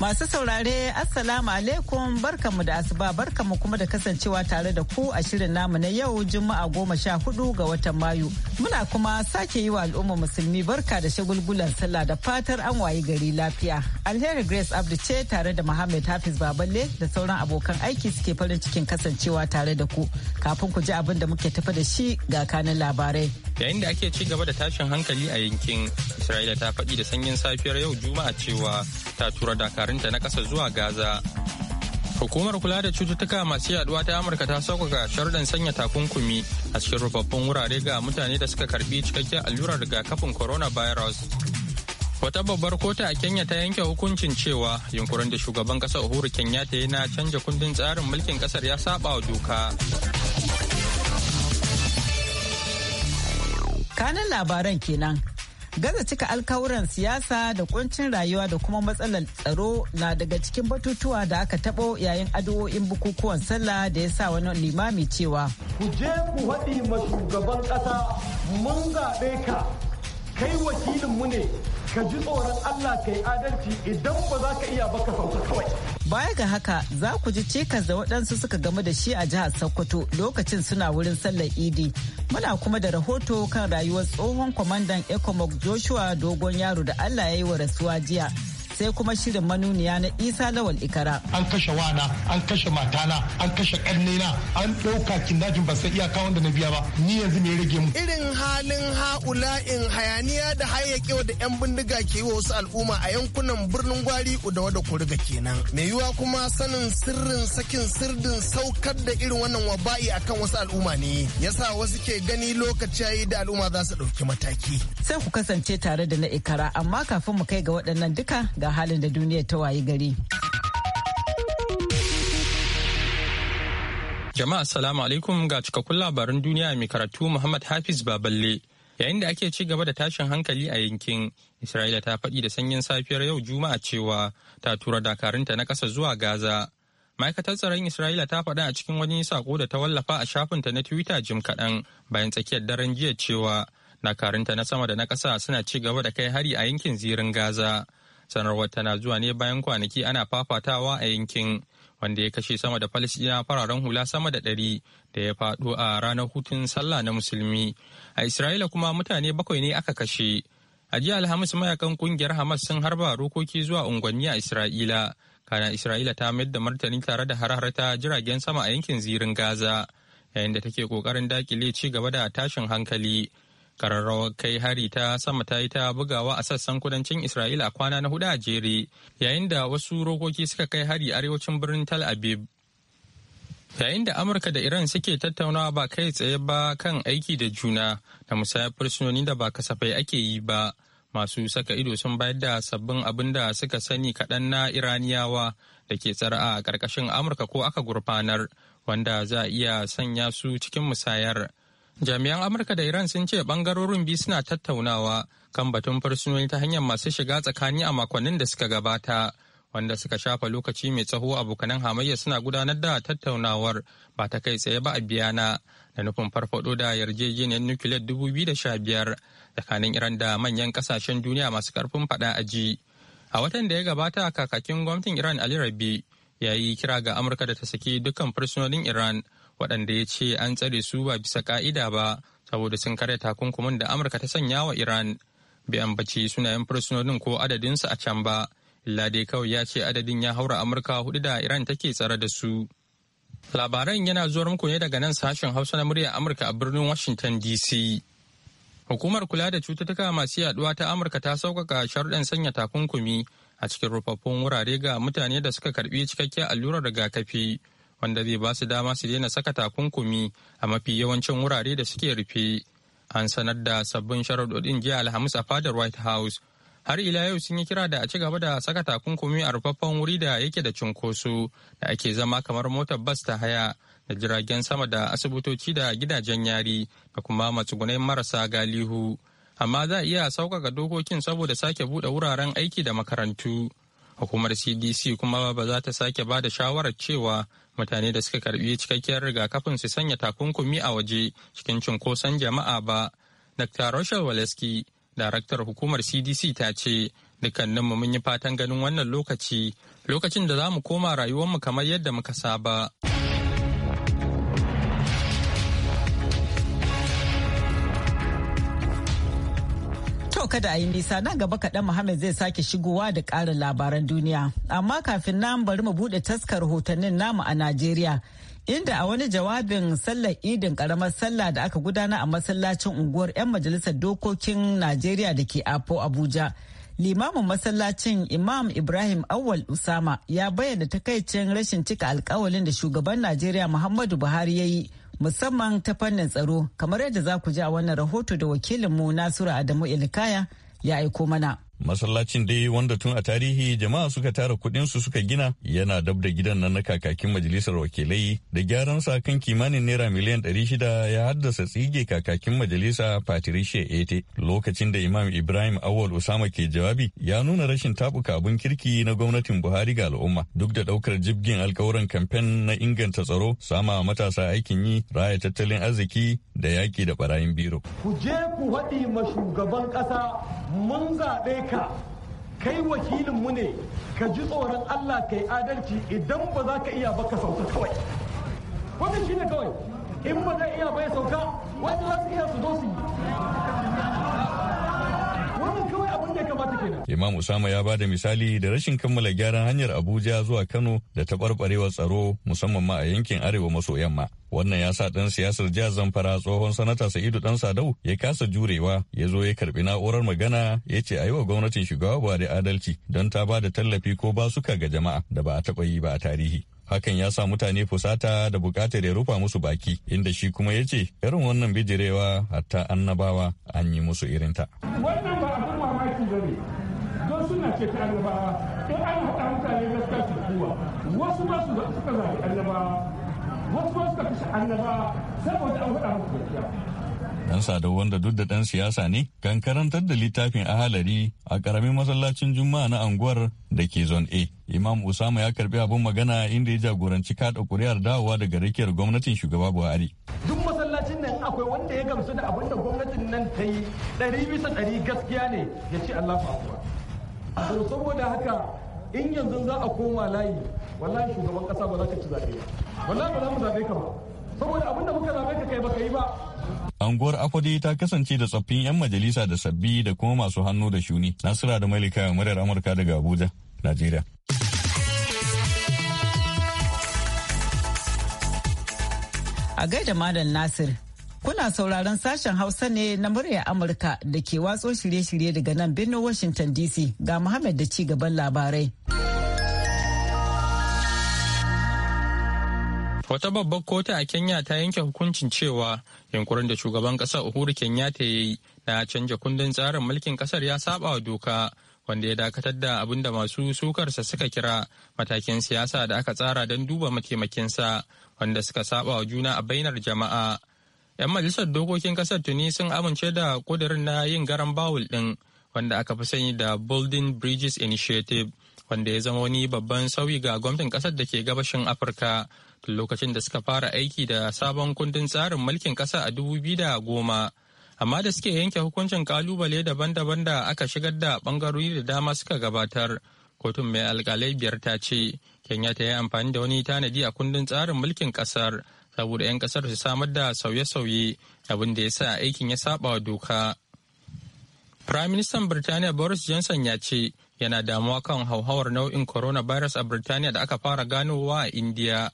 Masu saurare Assalamu alaikum barkamu da asuba barkamu kuma da kasancewa tare da ku a shirin namu na yau Juma'a goma sha hudu ga watan Mayu. Muna kuma sake yi wa al'umma musulmi barka da shagulgulan sallah da fatar an wayi gari lafiya. Alheri Grace Abdu ce tare da Muhammad Hafiz Baballe da sauran abokan aiki suke farin cikin kasancewa tare da ku. Kafin ku ji abin da muke tafa da shi ga kanin labarai. yayin da ake ci gaba da tashin hankali a yankin isra'ila ta faɗi da sanyin safiyar yau juma'a cewa ta tura dakarunta na ƙasa zuwa gaza hukumar kula da cututtuka masu yaduwa ta amurka ta sauƙaƙa sharuɗan sanya takunkumi a cikin rufaffun wurare ga mutane da suka karbi cikakken allurar rigakafin coronavirus wata babbar kota a kenya ta yanke hukuncin cewa yunkurin da shugaban ƙasar uhuru kenyatta ya na canja kundin tsarin mulkin ƙasar ya saba wa doka Kanan labaran kenan. Gaza cika alkawuran siyasa da kuncin rayuwa da kuma matsalar tsaro na daga cikin batutuwa da aka tabo yayin addu'o'in bukukuwan sallah da ya sa wani limami cewa. Ku je ku haɗi ma shugaban ƙasa mun zaɓe ka kai wakilin mu ne ka ji tsoron Allah ka yi adalci idan ba za ka iya ba ka sauka kawai. Baya ga haka za ku ji cikas da waɗansu suka gamu da shi a jihar Sokoto lokacin suna wurin sallar Idi. Muna kuma da rahoto kan rayuwar tsohon kwamandan Ecomog Joshua Dogon Yaro da Allah ya yi wa rasuwa jiya. sai kuma shirin manuniya na isa lawal ikara an kashe wana an kashe matana an kashe karnena an ɗauka kindajin ba sai iyaka wanda na biya ba ni yanzu me rage mu irin halin ha'ula in hayaniya da hayyake da yan bindiga ke yi wa wasu al'umma a yankunan birnin gwari udawa da kuriga kenan mai yiwa kuma sanin sirrin sakin sirdin saukar da irin wannan waba'i akan wasu al'umma ne yasa wasu ke gani lokaci yayi da al'umma za su ɗauki mataki sai ku kasance tare da na ikara amma kafin mu kai ga waɗannan duka ga ga halin da duniyar ta wayi gari. Jama'a salamu alaikum ga cikakkun labarin duniya mai karatu Muhammad Hafiz Baballe. Yayin da ake ci gaba da tashin hankali a yankin, Isra'ila ta faɗi da sanyin safiyar yau Juma'a cewa ta tura dakarunta na ƙasa zuwa Gaza. Ma'aikatar tsaron Isra'ila ta faɗa a cikin wani sako da ta wallafa a shafinta na Twitter jim kaɗan bayan tsakiyar daren jiya cewa dakarunta na sama da na ƙasa suna ci gaba da kai hari a yankin zirin Gaza. sanarwar tana zuwa ne bayan kwanaki ana fafatawa a yankin wanda ya kashe sama da falisina fararen hula sama da ɗari da ya faɗo a ranar hutun sallah na musulmi a isra'ila kuma mutane bakwai ne aka kashe a jiya alhamis mayakan kungiyar hamas sun harba rokoki zuwa unguwanni a isra'ila kana isra'ila ta mayar da martani tare da harhara ta jiragen sama a yankin zirin gaza yayin da take kokarin dakile ci gaba da tashin hankali Kararrawar kai hari ta sama ta yi ta bugawa a sassan kudancin Isra'ila a kwana na hudu a jere, yayin da wasu rokoki suka kai hari arewacin birnin Tal Aviv. Yayin da Amurka da Iran suke tattaunawa ba kai tsaye ba kan aiki da juna da musayar fursunoni da ba kasafai ake yi ba, masu saka ido sun bayar da sabbin abin da suka sani kaɗan na Iraniyawa da ke tsara a ƙarƙashin Amurka ko aka gurfanar, wanda za a iya sanya su cikin musayar. Jami'an Amurka da Iran sun ce bangarorin biyu suna tattaunawa kan batun fursunoni ta hanyar masu shiga tsakani a makonnin da suka gabata. Wanda suka shafa lokaci mai tsaho abokanan hamayya suna gudanar da tattaunawar ba ta kai tsaye ba a biyana da nufin farfado da yarjejeniyar nukiliyar dubu biyu da sha biyar tsakanin Iran da manyan kasashen duniya masu karfin fada aji. A watan da ya gabata kakakin gwamnatin Iran Ali Rabi ya yi kira ga Amurka da ta saki dukkan fursunonin Iran waɗanda ya ce an tsare su ba bisa ka'ida ba saboda sun karya takunkumin da amurka ta sanya wa iran bai ambaci sunayen fursunonin ko adadinsu a can ba illa dai kawai ya ce adadin ya haura amurka hudu da iran take tsare da su labaran yana zuwa muku ne daga nan sashen hausa na murya amurka a birnin washington dc hukumar kula da cututtuka masu yaduwa ta amurka ta sauƙaƙa sharuɗan sanya takunkumi a cikin rufaffun wurare ga mutane da suka karbi cikakken allurar rigakafi wanda zai ba su dama su daina saka takunkumi a mafi yawancin wurare da suke rufe an sanar da sabbin sharaɗoɗin jiya alhamis a fadar white house har ila yau sun yi kira da a ci gaba da saka takunkumi a rufaffen wuri da yake da cunkoso da ake zama kamar motar bas ta haya da jiragen sama da asibitoci da gidajen yari da kuma matsugunai marasa galihu amma za a iya sauƙaƙa dokokin saboda sake buɗe wuraren aiki da makarantu hukumar cdc kuma ba za ta sake ba da shawarar cewa mutane da suka karbi cikakkiyar rigakafin su sanya takunkumi a waje cikin cunkoson jama'a ba dr rochelle waleski daraktar hukumar cdc ta ce dukkaninmu mun yi fatan ganin wannan lokaci lokacin da za mu koma rayuwarmu kamar yadda muka saba. kada a yi nisa nan gaba kaɗan Muhammad zai sake shigowa da ƙarin labaran duniya. Amma kafin nan bari mu buɗe taskar hotannin namu a Najeriya. Inda a wani jawabin sallar idin karamar sallah da aka gudana a masallacin unguwar 'yan majalisar dokokin Najeriya da ke Apo Abuja. Limamin masallacin Imam Ibrahim Awal Usama ya bayyana takaicin rashin cika alkawalin da shugaban Najeriya Muhammadu Buhari ya yi musamman ta fannin tsaro kamar yadda za ku ji a wannan rahoto da wakilinmu Nasiru Adamu Ilikaya ya aiko mana. Masallacin dai wanda tun a tarihi jama'a suka tara kuɗinsu suka gina yana dab da gidan nan na kakakin majalisar wakilai da gyaran sa kan kimanin naira miliyan 600 ya haddasa tsige kakakin majalisa Patricia Ete. Lokacin da Imam Ibrahim Awol Usama ke jawabi ya nuna rashin tabuka abun kirki na gwamnatin Buhari ga al'umma duk da ɗaukar jibgin alkawuran kamfen na inganta tsaro sama matasa aikin yi raya tattalin arziki da yaki da barayin biro. Ku je ku haɗi ma shugaban ƙasa mun zaɓe ka kai wakilinmu ne ka ji tsoron Allah ka adalci idan ba za ka iya ba ka sauka kawai wannan shine kawai in ba zai iya ba ya sauka wanda za su iya su zo su yi Imam Usama ya bada misali da rashin kammala gyaran hanyar Abuja zuwa Kano da taɓarɓarewar tsaro musamman ma a yankin arewa maso yamma. Wannan ya sa ɗan siyasar jihar Zamfara tsohon sanata Sa'idu ɗan Sadau ya kasa jurewa ya zo ya karɓi na'urar magana ya ce a yi wa gwamnatin shugaba Buhari adalci don ta ba da tallafi ko basuka ga jama'a da ba a taɓa yi ba a tarihi. hakan ya sa mutane fusata da bukatar ya rufa musu baki inda shi kuma ya ce irin wannan bijirewa hatta annabawa an yi musu irinta. Wannan ba ce ta in an haɗa mutane gaskiya su kuwa wasu ba su suka zaɓi annabawa wasu ba suka kashe annabawa saboda an haɗa mutane gaskiya Dan Sadau wanda duk da ɗan siyasa ne kan karantar da littafin ahalari a ƙaramin masallacin Juma'a na anguwar da ke zon A. Imam Usama ya karbi abin magana inda ya jagoranci kaɗa ƙuri'ar dawowa daga rikiyar gwamnatin shugaba Buhari. Duk masallacin nan akwai wanda ya gamsu da abin da gwamnatin nan ta yi ɗari bisa ɗari gaskiya ne ya ce Allah faɗuwa. to saboda haka in yanzu za a koma layi wallahi shugaban kasa ba za ka ci zaɓe wallahi ba za mu zaɓe ka ba saboda abin da muka zaɓe ka kai ba ka yi ba Anguwar Akwadi ta kasance da tsaffin 'yan majalisa da sabbi da kuma masu hannu da shuni. Nasira da Malika muryar Amurka daga Abuja, Najeriya. A gaida madan Nasir, Kuna sauraron sashen Hausa ne na murya Amurka da ke watso shirye-shirye daga nan birnin Washington DC ga Muhammad da ci gaban labarai. Wata babbar kota a Kenya ta yanke hukuncin cewa yankurin da shugaban kasar Uhuru Kenyatta ya yi na canja kundin tsarin mulkin ƙasar ya saba wa doka wanda ya dakatar da abin da masu sukarsa suka kira matakin siyasa da aka tsara don duba mataimakinsa wanda suka saba wa juna a bainar jama'a. 'Yan majalisar dokokin kasar tuni sun amince da kudirin na yin garan bawul ɗin wanda aka fi sani da Building Bridges Initiative wanda ya zama wani babban sauyi ga gwamnatin kasar da ke gabashin Afirka tun lokacin da suka fara aiki da sabon kundin tsarin mulkin kasa a dubu biyu da goma. Amma da suke yanke hukuncin kalubale daban-daban da aka shigar da bangarori da dama suka gabatar. Kotun mai alkalai biyar ta ce, Kenya ta yi amfani da wani tanadi a kundin tsarin mulkin kasar saboda 'yan kasar su samar da sauye-sauye abin da ya sa aikin ya saba wa doka. Firaministan Birtaniya Boris Johnson ya ce yana damuwa kan hauhawar nau'in coronavirus a Birtaniya da aka fara ganowa a Indiya.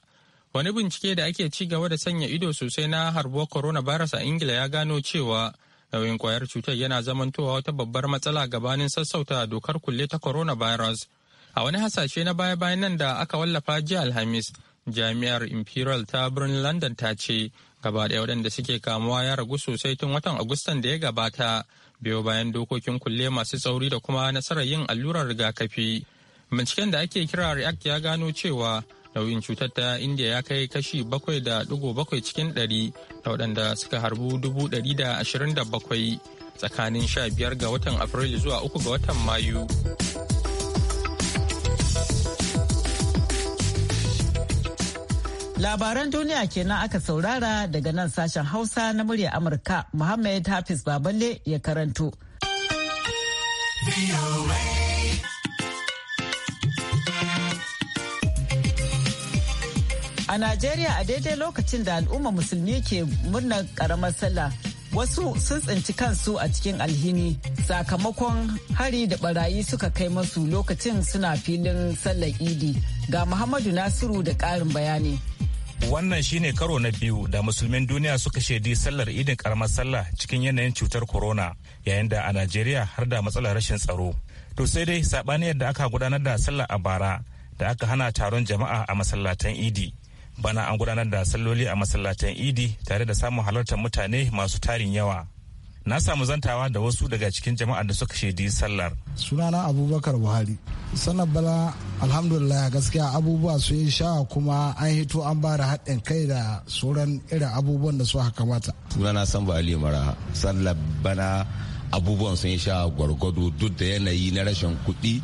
Wani bincike da ake ci gaba da sanya ido sosai na harbuwar coronavirus a Ingila ya gano cewa nau'in kwayar cutar yana zamantowa wata babbar matsala gabanin sassauta dokar kulle ta coronavirus. A wani hasashe na baya-bayan nan da aka wallafa jiya Alhamis, jami'ar imperial ta birnin london ta ce gaba ɗaya waɗanda suke kamuwa ya ragu sosai tun watan agustan da ya gabata biyo bayan dokokin kulle masu tsauri da kuma nasarar yin allurar rigakafi binciken da ake kira react ya gano cewa nauyin cutar ta india ya kai kashi bakwai da digo bakwai cikin ɗari da waɗanda suka harbu dubu ɗari da da bakwai tsakanin sha biyar ga watan afrilu zuwa uku ga watan mayu Labaran duniya kenan aka saurara daga nan sashen Hausa na murya Amurka Muhammad Hafiz Baballe ya karanto. A Najeriya a daidai lokacin da al'umma musulmi ke murnar ƙaramar sallah wasu sun tsinci kansu a cikin alhini sakamakon hari da barayi suka kai masu lokacin suna filin sallar idi ga Muhammadu Nasiru da ƙarin bayani. wannan shine karo na biyu da musulmin duniya suka shaidi sallar idin karamar sallah cikin yanayin cutar corona yayin da a najeriya har da matsalar rashin tsaro to sai dai saɓaniyar yadda aka gudanar da sallah a bara da aka hana taron jama'a a masallatan idi bana an gudanar da salloli a masallatan idi tare da samun halartar mutane masu tarin yawa na samu zantawa da wasu daga cikin jama'ar da suka shaidi sallar sunana abubakar buhari sanar bala alhamdulillah gaskiya abubuwa su yi sha kuma an hito an ba da haɗin kai da sauran irin abubuwan da su haka kamata sunana san ba ali mara sallar bana abubuwan sun sha gwargwado duk da yanayi na rashin kuɗi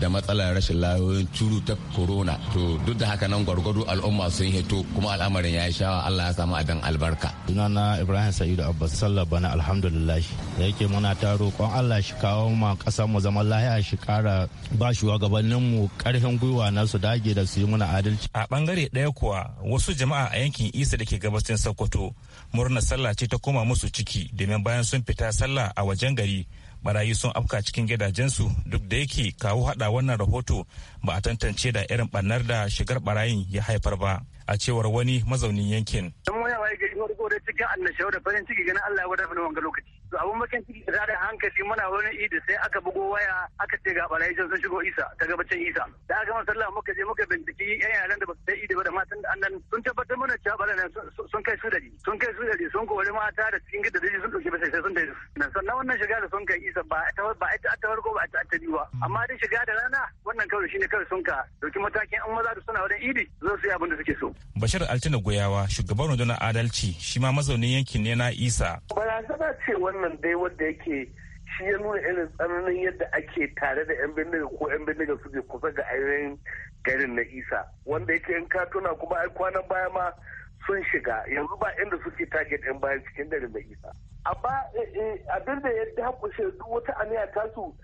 da matsalar rashin layoyin curu ta corona to duk da haka nan gwargwado al'umma sun hito kuma al'amarin ya sha Allah ya samu abin albarka sunana Ibrahim Sa'idu Abbas sallar bana alhamdulillah da yake muna taro roƙon Allah shi kawo ma ƙasar mu zaman lahiya shi kara ba gabanin mu ƙarfin gwiwa na su dage da su yi muna adalci a bangare ɗaya kuwa wasu jama'a a yankin Isa da ke gabashin Sokoto murna sallah ce ta koma musu ciki domin bayan sun fita sallah a waje wajen gari barayi sun afka cikin gidajensu duk da yake kawo hada wannan rahoto ba a tantance da irin barnar da shigar barayin ya haifar ba a cewar wani mazaunin yankin. Don wani waye gari farko da cikin annashawa da farin ciki ganin Allah ya wadafa na wanga lokaci. to abun bakin ciki da da hankali muna wani idi sai aka bugo waya aka ce ga balai sun shigo isa ta gabacin isa da aka masa sallah muka je muka binciki yan yaran da ba su idi ba da matan da annan sun tabbatar mana cewa ne sun kai su dari sun kai su dari sun kori mata da cikin gida da sun dauki ba sai sun dai sannan wannan shiga da sun kai isa ba ba ita ta farko ba ita ta biyu ba hmm. amma dai shiga da rana wannan kawai shine kawai sun ka dauki matakin an maza da suna wani idi zo su yi abin da suke so bashir altina goyawa shugaban rundunar adalci shi ma mazaunin yankin ne na isa barazana ce wannan wannan dai wanda yake shi ya nuna irin tsananin yadda ake tare da 'yan bindiga ko 'yan bindiga suke kusa ga ainihin garin na isa wanda yake in ka tuna kuma ai kwanan baya ma sun shiga yanzu ba inda suke target 'yan bayan cikin garin na isa amma eh, eh, abin da ya dakushe duk wata aniya tasu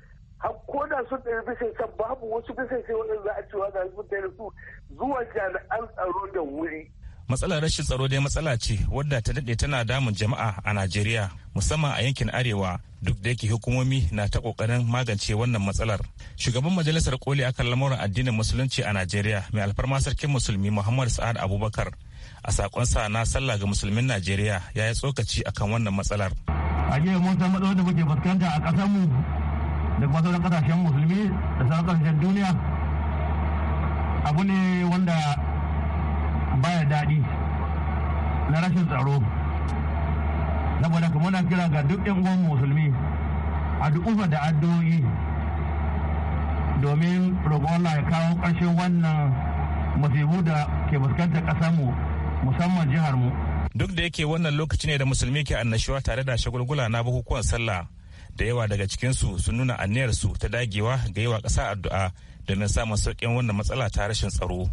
ko da sun ɗari bisa can babu wasu bisa sai waɗanda za a cewa da su zuwa jami'an tsaro da wuri matsalar rashin tsaro dai matsala ce wadda ta daɗe tana damun jama'a a najeriya musamman a yankin arewa duk da yake hukumomi na ta kokarin magance wannan matsalar shugaban majalisar koli akan lamuran addinin musulunci a najeriya mai alfarma sarkin musulmi muhammad sa'ad abubakar a sakonsa na sallah ga musulmin najeriya ya yi tsokaci akan wannan matsalar a jiya mun san matsalar da muke fuskanta a ƙasarmu da kuma sauran ƙasashen musulmi da sauran ƙasashen duniya abu ne wanda baya daɗi na rashin tsaro saboda kuma muna kira ga duk yan uwan musulmi a du'ufa da addu'o'i domin roƙon Allah ya kawo ƙarshen wannan musibu da ke fuskantar ƙasarmu musamman jihar mu duk da yake wannan lokaci ne da musulmi ke annashuwa tare da shagulgula na bukukuwan sallah da yawa daga cikinsu sun nuna aniyarsu ta dagewa ga yawa ƙasa addu'a domin samun sauƙin wannan matsala ta rashin tsaro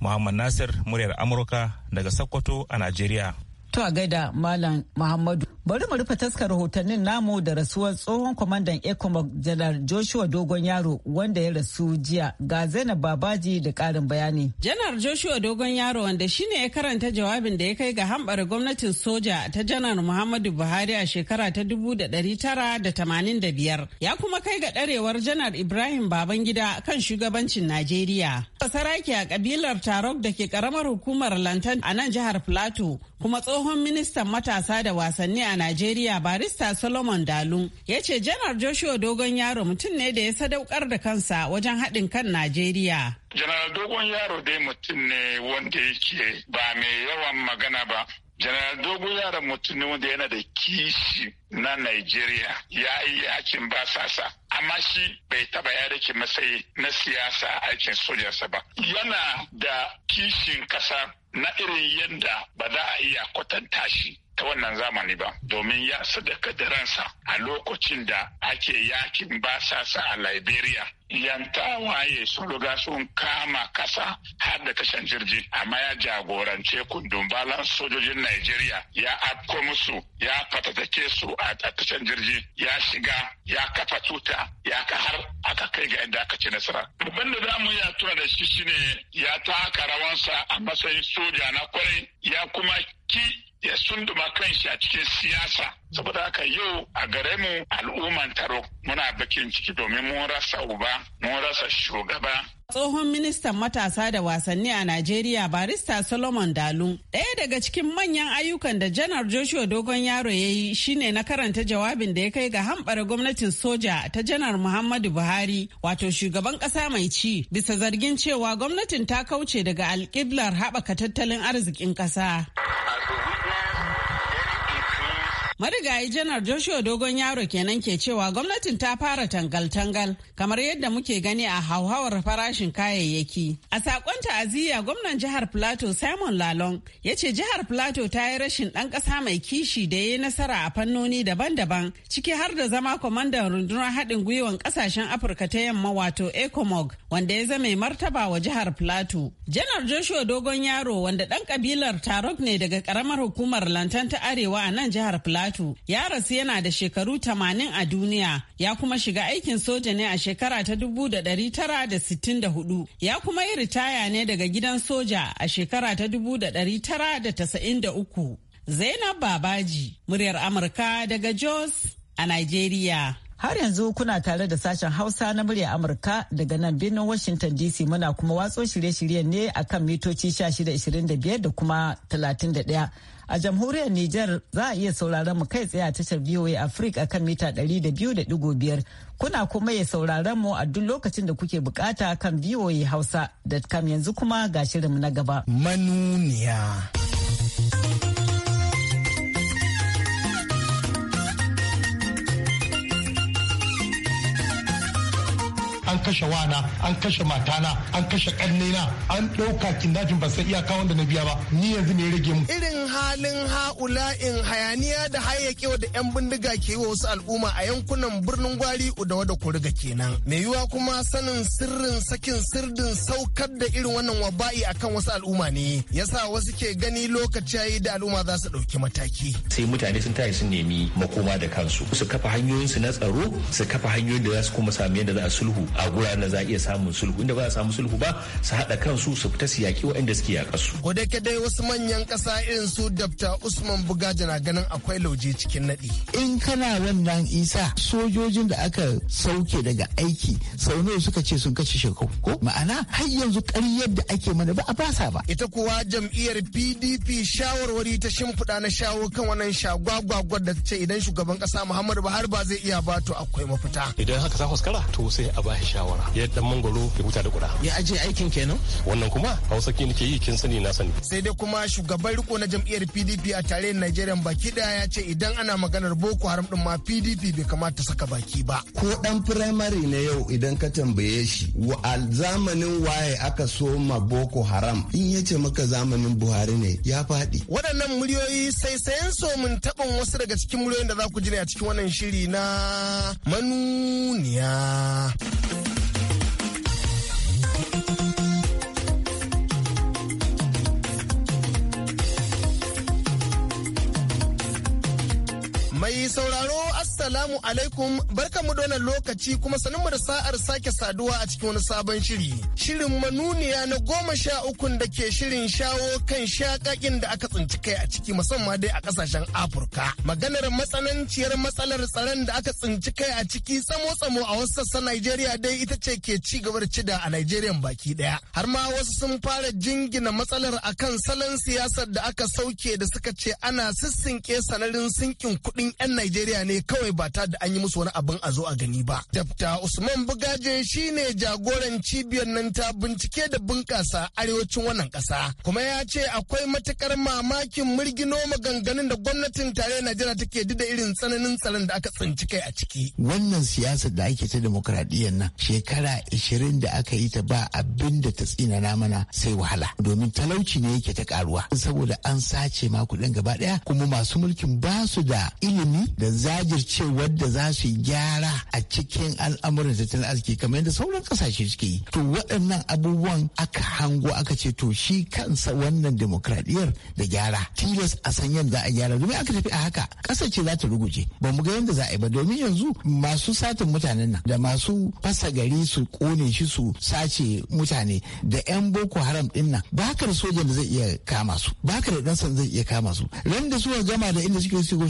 Muhammad Nasir muryar Amurka daga Sokoto a Najeriya. To a gaida Malam Muhammadu. Bari mu rufe taskar rahotannin namu da rasuwar tsohon kwamandan ECOMOC janar Joshua Dogon Yaro wanda ya rasu jiya ga Zainab Babaji da karin bayani. Janar Joshua Dogon Yaro wanda shine ya karanta jawabin da ya kai ga hambar gwamnatin soja ta janar Muhammadu Buhari a shekara ta dubu da da da tara tamanin biyar ya kuma kai ga ɗarewar janar Ibrahim Babangida kan shugabancin Najeriya. Saraki a kabilar Tarok da ke karamar hukumar Lantan a nan jihar Plateau kuma tsohon ministan matasa da wasanni a Najeriya barista Solomon Dalu ya ce Janar Joshua Dogon Yaro mutum ne da ya sadaukar da kansa wajen haɗin kan Najeriya. Janar Dogon Yaro dai mutum ne wanda yake ba mai yawan magana ba. Janar Dogon Yaro mutum ne wanda yana da kishi na Najeriya ya yi yakin basasa. Amma shi bai taba ya rike matsayi na siyasa aikin sojansa ba. Yana da kishin ƙasa na irin yadda ba za a iya kwatanta shi. ta wannan zamani ba domin ya sadaka da ransa a lokacin da ake yakin sa a liberia yan tawaye sun riga sun kama kasa har da tashan jirgi amma ya jagorance kundin balan sojojin Najeriya ya afko musu ya fatatake su a tashan jirgi ya shiga ya kafa tuta ya ka har aka kai ga inda aka ci nasara. Babban da za mu ya tura da shi shine ya taka rawansa a matsayin soja na kwarai ya kuma ki ya sunduma kanshi a cikin siyasa saboda haka yau a gare mu al'umman taro muna bakin ciki domin mun rasa uba mun rasa shugaba tsohon ministan matasa da wasanni a Najeriya barista Solomon Dalu. Ɗaya daga cikin manyan ayyukan da janar Joshua Dogon Yaro ya yi shine na karanta jawabin da ya kai ga hambara gwamnatin soja ta janar Muhammadu Buhari wato shugaban ƙasa mai ci bisa zargin cewa gwamnatin ta kauce daga alƙiblar haɓaka tattalin arzikin ƙasa. Marigayi janar Joshua Dogon Yaro kenan ke cewa gwamnatin ta fara tangal-tangal kamar yadda muke gani a hauhawar farashin kayayyaki. A sakon ta'aziyya gwamnan jihar Plateau Simon Lalong ya ce jihar Plateau ta yi rashin ɗan ƙasa mai kishi da ya yi nasara a fannoni daban-daban ciki har da zama kwamandan rundunar haɗin gwiwan ƙasashen Afirka ta yamma wato ECOMOG wanda ya zama martaba wa jihar Plateau. Janar Joshua Dogon Yaro wanda ɗan ƙabilar Tarok ne daga ƙaramar hukumar Lantan ta Arewa a nan jihar Plateau. Plato ya rasu yana da shekaru 80 a duniya ya kuma shiga aikin soja ne a shekara ta 1964 ya kuma yi ritaya ne daga gidan soja a shekara ta 1993. Zainab Babaji, muryar Amurka daga Jos a Nigeria. Har yanzu kuna tare da sashen Hausa na murya Amurka daga nan birnin Washington DC muna kuma watso shirye-shiryen ne a kan mitoci 1625 da kuma 31. A jamhuriyar Nijar za a iya sauraron mu kai tsaye a tashar VOA Africa kan mita 200.5. Kuna kuma ya sauraron mu a duk lokacin da kuke bukata kan VOA Hausa.com yanzu kuma ga shirin na gaba. Manuniya. an kashe wana an kashe matana an kashe kannena an ɗauka dajin ba san iyaka wanda na biya ba ni yanzu me rage mu irin halin ha'ula in hayaniya da hayyakewa da yan bindiga ke wa wasu al'umma a yankunan birnin gwari udawa da kuriga kenan me yiwa kuma sanin sirrin sakin sirdin saukar da irin wannan waba'i akan wasu al'umma ne yasa wasu ke gani lokaci yayi da al'umma za su ɗauki mataki sai mutane sun tashi sun nemi makoma da kansu su kafa hanyoyinsu na tsaro su kafa hanyoyin da za su kuma sami yadda za a sulhu a guraren da za a iya samun sulhu inda ba a samu sulhu ba su haɗa kansu su fita su yaƙi waɗanda suke yaƙa su. Ko da dai wasu manyan ƙasa irin su Dr. Usman Bugaja na ganin akwai lauje cikin naɗi. In kana wannan isa sojojin da aka sauke daga aiki sau nawa suka ce sun kashe shekau ko ma'ana har yanzu ƙaryar da ake mana ba a basa ba. Ita kuwa jam'iyyar PDP shawarwari ta shimfiɗa na shawo kan wannan shagwagwagwar da ta ce idan shugaban ƙasa Muhammadu Buhari ba zai iya ba to akwai mafita. Idan haka sa fuskara to sai a bashi shawara yadda mangoro ya huta da kuda ya aje aikin kenan wannan kuma hausa ke yi kin sani na sani sai dai kuma shugaban riko na jam'iyyar pdp a tarayyar nigeria baki daya ya ce idan ana maganar boko haram din ma pdp bai kamata saka baki ba ko dan firamare na yau idan ka tambaye shi a zamanin waye aka so ma boko haram in ya ce maka zamanin buhari ne ya faɗi waɗannan muryoyi sai sayan so mun taɓin wasu daga cikin muryoyin da za ku ji ne a cikin wannan shiri na manuniya. sauraro Assalamu alaikum barkanmu da wannan lokaci kuma sanin mu da sa'ar sake saduwa a cikin wani sabon shiri. Shirin manuniya na goma sha ukun da ke shirin shawo kan shakakin da aka tsinci kai a ciki musamman dai a kasashen Afirka. Maganar matsananciyar matsalar tsaron da aka tsinci kai a ciki tsamo-tsamo a wasu sassan Najeriya dai ita ce ke ci gaba da cida a Najeriya baki daya. Har ma wasu sun fara jingina matsalar akan salon siyasar da aka sauke da suka ce ana sissinke sanarin sinkin kuɗin 'yan Najeriya ne kawai ba ta da an yi musu wani abin a zo a gani ba. Dafta Usman Bugaje shi ne jagoran cibiyar nan ta bincike da bunƙasa arewacin wannan ƙasa. Kuma ya ce akwai matukar mamakin murgino maganganun da gwamnatin tare Najeriya take da irin tsananin tsaron da aka tsinci kai a ciki. Wannan siyasar da ake ta demokradiyyar nan shekara 20 da aka yi ta ba abin da ta tsinana mana sai wahala. Domin talauci ne yake ta karuwa. Saboda an sace ma kuɗin gaba ɗaya kuma masu mulkin ba su da ilimi da zajircewa wadda za su gyara a cikin al'amuran tattalin arziki kamar yadda sauran kasashe suke yi to waɗannan abubuwan aka hango aka ce to shi kansa wannan demokradiyyar da gyara tilas a san yadda a gyara domin aka tafi a haka ƙasa ce za ta ruguje ba mu ga yadda za a yi ba domin yanzu masu satin mutanen nan da masu fasa gari su kone shi su sace mutane da 'yan boko haram din nan ba haka da sojan da zai iya kama su ba haka da ɗan zai iya kama su ran da suka gama da inda suke shigo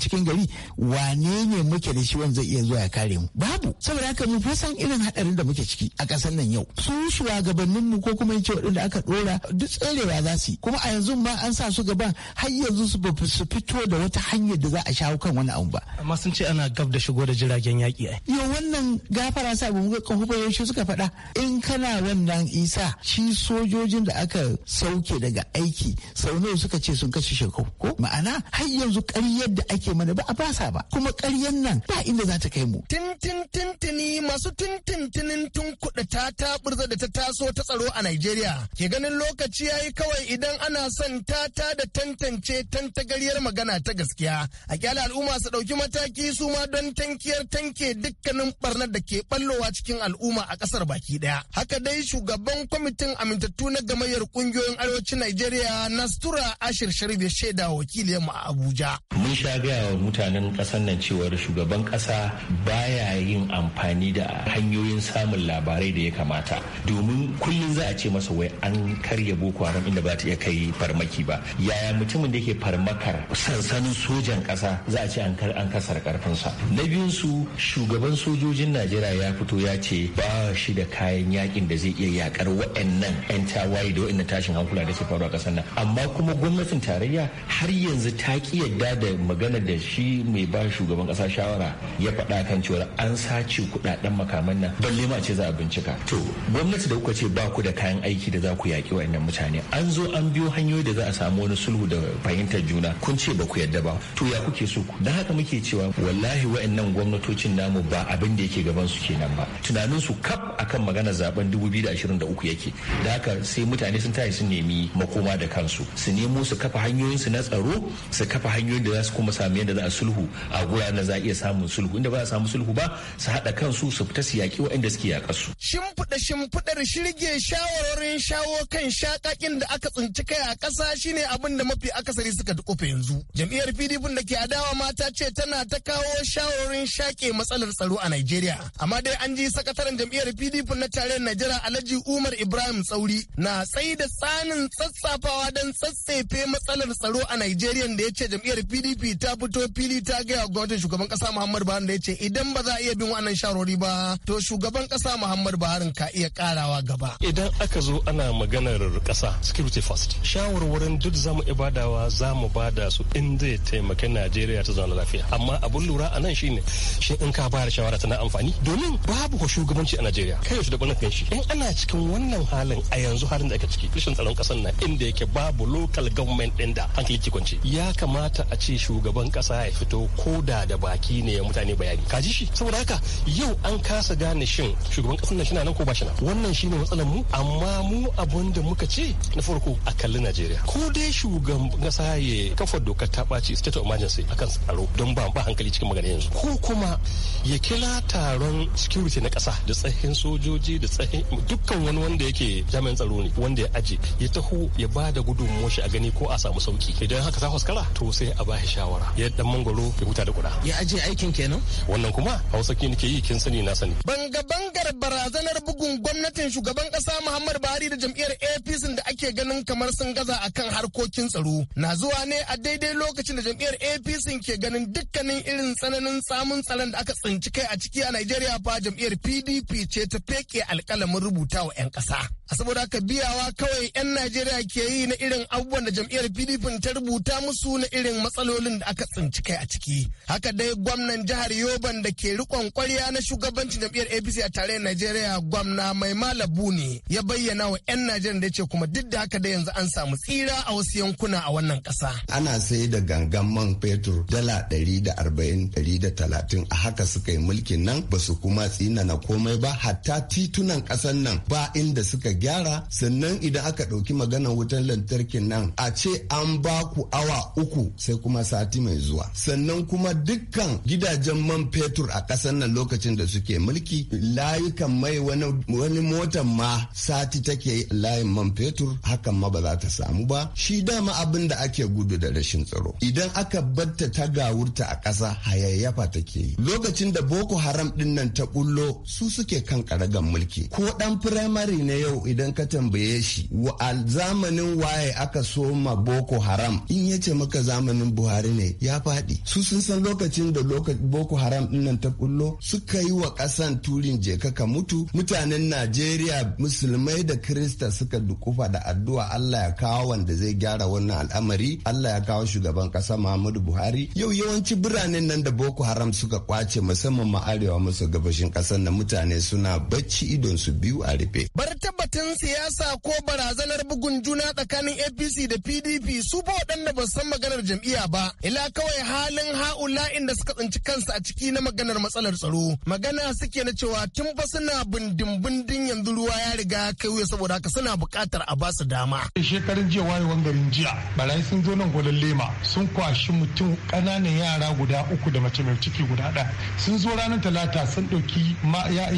cikin gari wani wane ne muke da shi wanda zai iya zuwa ya kare mu babu saboda haka mun fasan irin hadarin da muke ciki a kasar nan yau su shugabannin mu ko kuma yace waɗanda aka dora duk tserewa za su kuma a yanzu ma an sa su gaban har yanzu su ba su fito da wata hanyar da za a shawo kan wani abu ba amma sun ce ana gab da shigo da jiragen yaƙi ai yo wannan gafara sa mun ga kahu yaushe suka faɗa in kana wannan isa shi sojojin da aka sauke daga aiki sau nawa suka ce sun kashe shekau ko ma'ana har yanzu ƙaryar da ake mana ba a basa ba kuma ƙaryan nan ba inda za ta kai mu. Tintin tintini masu tintin tinin tun kuɗa ta burza da ta taso ta tsaro a Najeriya. Ke ganin lokaci ya yi kawai idan ana son tata da tantance tantagaryar magana ta gaskiya. A kyala al'umma su ɗauki mataki su ma don tankiyar tanke dukkanin ɓarnar da ke ɓallowa cikin al'umma a ƙasar baki ɗaya. Haka dai shugaban kwamitin amintattu na gamayyar ƙungiyoyin arewacin Najeriya Nastura Ashir Sharif ya shaida wakilinmu a Abuja. Mun sha gaya wa mutanen ƙasar maganan cewar shugaban kasa baya yin amfani da hanyoyin samun labarai da ya kamata domin kullum za a ce masa wai an karya boko haram inda ba ta iya kai farmaki ba yaya mutumin da yake farmakar sansanin sojan kasa za a ce an kasar karfinsa na biyun su shugaban sojojin najeriya ya fito ya ce ba shi da kayan yakin da zai iya yakar waɗannan 'yan tawaye da waɗannan tashin hankula da ke faru a kasar nan amma kuma gwamnatin tarayya har yanzu ta ki yadda da magana da shi mai ba shi shugaban kasa shawara ya faɗa kan cewa an sace kuɗaɗen makaman nan balle ma ce za a bincika to gwamnati da kuka ce ba ku da kayan aiki da za ku yaƙi wayannan mutane an zo an biyo hanyoyi da za a samu wani sulhu da fahimtar juna kun ce ba ku yadda ba to ya kuke so ku dan haka muke cewa wallahi wayannan gwamnatocin namu ba abin da yake gaban su kenan ba tunanin su kaf akan magana zaben 2023 yake da haka sai mutane sun tashi sun nemi makoma da kansu su nemo su kafa hanyoyin su na tsaro su kafa hanyoyin da za su kuma sami yadda za a sulhu a wuraren da za iya samun sulhu inda ba a samu sulhu ba su haɗa kansu su fita su yaƙi waɗanda suke yaƙa su. Shimfiɗa shimfiɗar shirge shawarwarin shawo kan shaƙaƙin da aka tsinci kai a ƙasa shine abin da mafi akasari suka dukufa yanzu. Jam'iyyar PDP da ke adawa mata ce tana ta kawo shawarwarin shaƙe matsalar tsaro a nigeria. Amma dai an ji sakataren jam'iyyar PDP na tarayyar Najeriya Alhaji Umar Ibrahim Tsauri na tsayi da tsanin tsatsafawa don tsatsefe matsalar tsaro a nigeria da ya ce jam'iyyar PDP ta fito fili ta gaya gwamnatin shugaban kasa Muhammad Buhari da ya ce idan ba za a iya bin wannan sharori ba to shugaban kasa Muhammad Buhari ka iya karawa gaba. Idan aka zo ana maganar kasa security first shawarwarin duk zamu ibadawa za mu bada su in zai taimaka Najeriya ta zauna lafiya amma abun lura a nan shine shi in ka bayar shawara tana amfani domin babu ko shugabanci a Najeriya kai shi da gwamnatin shi in ana cikin wannan halin a yanzu halin da aka ciki rashin tsaron kasan nan inda yake babu local government din da hankali kwanci ya kamata a ce shugaban kasa ya fito ko da yana da baki ne mutane bayani ka ji shi saboda haka yau an kasa gane shin shugaban kasar nan shi nan ko ba shi nan wannan shi ne matsalar mu amma mu abun da muka ce na farko a kalli Najeriya ko dai shugaban kasa ya kafa dokar ta ɓaci state of emergency akan tsaro don ba ba hankali cikin magana yanzu ko kuma ya kira taron security na kasa da tsahin sojoji da tsahin dukkan wani wanda yake jami'an tsaro ne wanda ya aje ya taho ya ba da gudunmuwar shi a gani ko a samu sauki idan haka ta huskara to sai a ba shi shawara ya dan mangoro ya huta da kuɗa faɗa. Ya ajiye aikin kenan? Wannan kuma Hausa ke nake yi kin sani na sani. Banga bangar barazanar bugun gwamnatin shugaban ƙasa Muhammad Buhari da jam'iyyar APC da ake ganin kamar sun gaza akan harkokin tsaro na zuwa ne a daidai lokacin da jam'iyyar APC ke ganin dukkanin irin tsananin samun tsaron da aka tsinci kai a ciki a Najeriya fa jam'iyyar PDP ce ta feke alƙalamin rubuta wa 'yan kasa A saboda haka biyawa kawai 'yan Najeriya ke yi na irin abubuwan da jam'iyyar PDP ta rubuta musu na irin matsalolin da aka tsinci kai a ciki. haka dai gwamnan jihar yoban da ke rikon kwarya na shugabancin jam'iyyar apc a tarayyar najeriya gwamna mai malabu ne ya bayyana wa 'yan najeriya da ce kuma duk da haka dai yanzu an samu tsira a wasu yankuna a wannan kasa. ana sai da gangan man fetur dala ɗari da arba'in dari da talatin a haka suka yi mulkin nan ba su kuma tsinana komai ba hatta titunan kasan nan ba inda suka gyara sannan idan aka ɗauki maganar wutar lantarkin nan a ce an ba ku awa uku sai kuma sati mai zuwa sannan kuma dukkan gidajen man fetur a ƙasar nan lokacin da suke mulki layukan mai wani motan ma sati take layin man fetur hakan ma ba za ta samu ba shi dama abin da ake gudu da rashin tsaro idan aka batta ta gawurta a ƙasa hayayyafa take yi lokacin da boko haram din nan ta bullo su suke kan karagan mulki ko dan firamare ne yau idan ka tambaye shi wa zamanin waye aka so ma boko haram in yace maka zamanin buhari ne ya faɗi su sun san lokacin da boko haram dinnan ta kullo suka yi wa kasan turin jeka ka mutu mutanen najeriya musulmai da krista suka dukufa da addu'a allah ya kawo wanda zai gyara wannan al'amari allah ya kawo shugaban kasa muhammadu buhari yau yawanci biranen nan da boko haram suka kwace musamman ma arewa maso gabashin kasan na mutane suna bacci idon su biyu a rufe bar tabbatin siyasa ko barazanar bugun juna tsakanin apc da pdp su ba waɗanda ba san maganar jam'iyya ba ila kawai halin ha'ul bala'in da suka tsinci kansu a ciki na maganar matsalar tsaro magana suke na cewa tun ba suna bindin bindin yanzu ruwa ya riga kai wuya saboda haka suna buƙatar a basu dama shekarun jiya wayewan garin jiya barayi sun zo nan gwalan lema sun kwashi mutum ƙananan yara guda uku da mace mai ciki guda ɗaya sun zo ranar talata sun ɗauki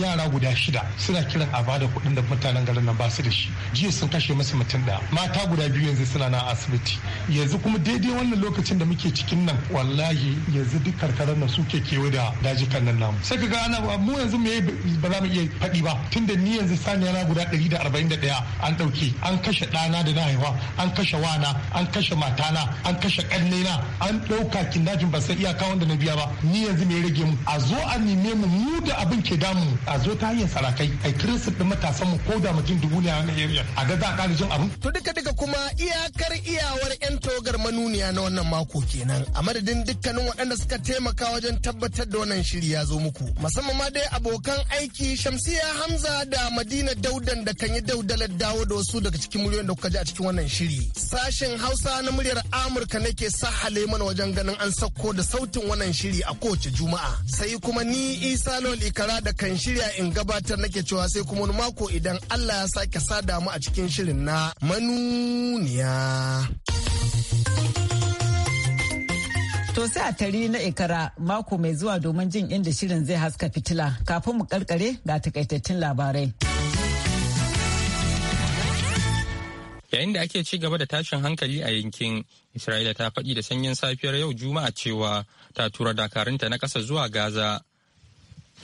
yara guda shida suna kiran a bada kuɗin da mutanen garin nan ba da shi jiya sun kashe masu mutum ɗaya mata guda biyu yanzu suna na asibiti yanzu kuma daidai wannan lokacin da muke cikin nan wallahi yanzu yanzu duk karkarar nan suke kewa da dajikan nan namu sai kaga ana mu yanzu me ba za mu iya faɗi ba tunda ni yanzu saniya na guda 141 an ɗauke an kashe ɗana da na haihuwa an kashe wana an kashe matana an kashe ƙannena an ɗauka dajin ba sai iyaka wanda na biya ba ni yanzu me rage mu a zo a nime mu mu da abin ke damu a zo ta hanyar sarakai ai kirisir ɗin matasan mu ko da mutum dubu ne a wannan area a ga za a ƙara jin abin. to duka duka kuma iyakar iyawar 'yan togar manuniya na wannan mako kenan a madadin dukkanin waɗanda suka taimaka wajen tabbatar da wannan shiri ya zo muku. Musamman ma dai abokan aiki Shamsiya Hamza da Madina Daudan da kan yi daudalar dawo da wasu daga cikin muryoyin da kuka ji a cikin wannan shiri. Sashen Hausa na muryar Amurka nake sahale mana wajen ganin an sauko da sautin wannan shiri a kowace Juma'a. Sai kuma ni Isa Lol Ikara da kan shirya in gabatar nake cewa sai kuma wani mako idan Allah ya sake sada mu a cikin shirin na manuniya. To sai a tari na ikara mako mai zuwa domin jin inda shirin zai haska fitila kafin mu karkare ga takaitattun labarai. Yayin da ake ci gaba da tashin hankali a yankin, Isra'ila ta faɗi da sanyin safiyar yau Juma'a cewa ta tura dakarunta na ƙasa zuwa Gaza.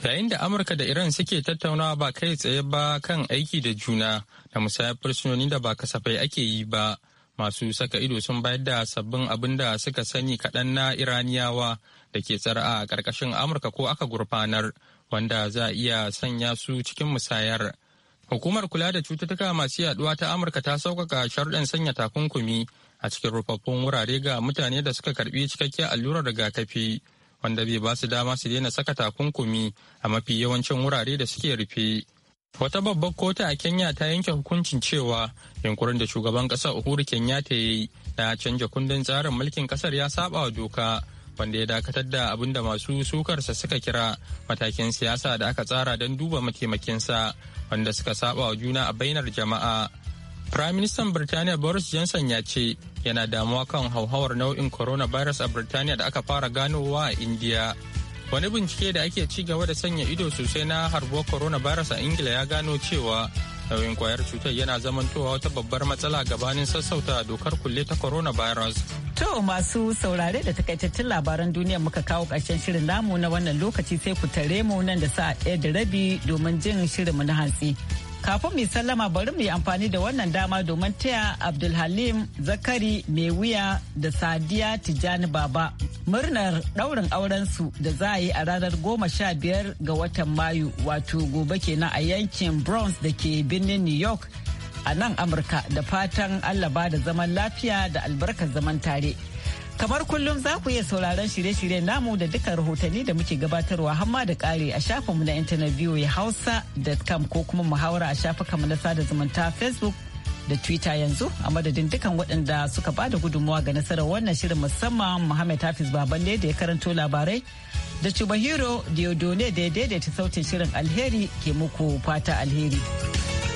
Yayin da Amurka da Iran suke tattaunawa ba kai tsaye ba kan aiki da juna da musayar fursunonin da ba kasafai ake yi ba. masu saka ido sun bayar da sabbin abin da suka sani kaɗan na iraniyawa da ke tsara a ƙarƙashin amurka ko aka gurfanar wanda za a iya sanya su cikin musayar hukumar kula da cututtuka masu yaduwa ta amurka ta sauƙaƙa sharuɗan sanya takunkumi a cikin rufaffun wurare ga mutane da suka karɓi cikakkiyar allurar rigakafi wanda bai ba su dama su daina saka takunkumi a mafi yawancin wurare da suke rufe Wata babbar kota a Kenya ta yanke hukuncin cewa yunkurin da shugaban ƙasar Uhuru Kenyatta ya yi na canja kundin tsarin mulkin ƙasar ya saba wa doka wanda ya dakatar da abin da masu sukarsa suka kira matakin siyasa da aka tsara don duba mataimakinsa wanda suka saba wa juna a bainar jama'a. Firaministan Birtaniya Boris Johnson ya ce yana damuwa kan hauhawar nau'in coronavirus a Birtaniya da aka fara ganowa a Indiya. wani bincike da ake ci gaba da sanya ido sosai na harbuwar virus a ingila ya gano cewa nauyin kwayar cutar yana zamantowa wata babbar matsala gabanin sassauta dokar kulle ta corona coronavirus. To masu saurare da takaitattun labaran duniya muka kawo karshen shirin namu na wannan lokaci sai ku tare mu nan da sa'a ɗaya da rabi domin jin shirinmu na hantsi. kafin mai sallama bari mu yi amfani da wannan dama domin taya abdulhalim zakari mai wuya da sadiya tijjani baba murnar daurin aurensu da za a yi a ranar goma sha biyar ga watan mayu wato gobe kenan a yankin bronx da ke birnin new york a nan amurka da fatan allah ba da zaman lafiya da albarkar zaman tare. Kamar kullum za ku iya sauraron shirye-shiryen namu da duka rahotanni da muke gabatarwa hamma da ƙari a shafinmu na intanet ya hausa.com ko kuma muhawara a mu na sada zumunta Facebook da Twitter yanzu a madadin dukan waɗanda suka ba da gudunmuwa ga nasarar wannan shirin musamman Muhammad Hafiz ne da ya karanto labarai da Chubahiro Diodone da ya daidaita sautin shirin alheri ke muku fata alheri.